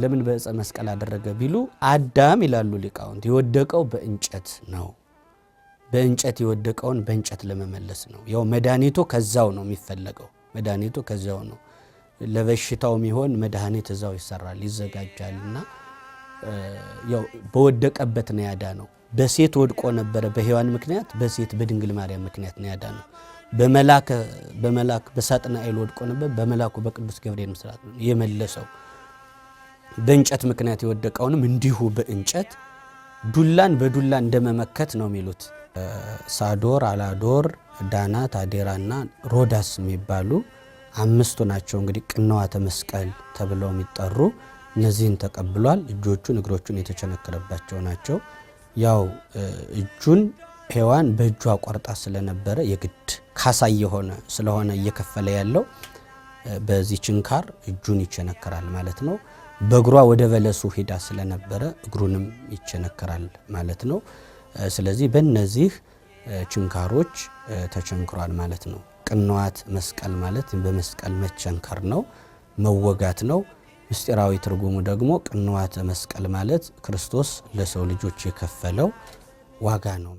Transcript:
ለምን በዕፀ መስቀል አደረገ ቢሉ አዳም ይላሉ ሊቃውንት የወደቀው በእንጨት ነው። በእንጨት የወደቀውን በእንጨት ለመመለስ ነው። ያው መድኃኒቱ ከዛው ነው የሚፈለገው። መድኃኒቱ ከዛው ነው። ለበሽታው የሚሆን መድኃኒት እዛው ይሰራል ይዘጋጃል። ያው በወደቀበት ነው ያዳ ነው። በሴት ወድቆ ነበረ። በሔዋን ምክንያት፣ በሴት በድንግል ማርያም ምክንያት ነው ያዳ ነው። በመላከ በመላክ በሳጥናኤል ወድቆ ነበር። በመላኩ በቅዱስ ገብርኤል ምስራት ነው የመለሰው። በእንጨት ምክንያት የወደቀውንም እንዲሁ በእንጨት ዱላን በዱላ እንደመመከት ነው የሚሉት። ሳዶር፣ አላዶር፣ ዳናት፣ አዴራና ሮዳስ የሚባሉ አምስቱ ናቸው እንግዲህ ቅንዋተ መስቀል ተብለው የሚጠሩ እነዚህን ተቀብሏል። እጆቹን እግሮቹን የተቸነከረባቸው ናቸው። ያው እጁን ሔዋን በእጇ ቆርጣ ስለነበረ የግድ ካሳ እየሆነ ስለሆነ እየከፈለ ያለው በዚህ ችንካር እጁን ይቸነከራል ማለት ነው። በእግሯ ወደ በለሱ ሄዳ ስለነበረ እግሩንም ይቸነከራል ማለት ነው። ስለዚህ በእነዚህ ችንካሮች ተቸንክሯል ማለት ነው። ቅንዋት መስቀል ማለት በመስቀል መቸንከር ነው፣ መወጋት ነው። ምስጢራዊ ትርጉሙ ደግሞ ቅንዋት መስቀል ማለት ክርስቶስ ለሰው ልጆች የከፈለው ዋጋ ነው።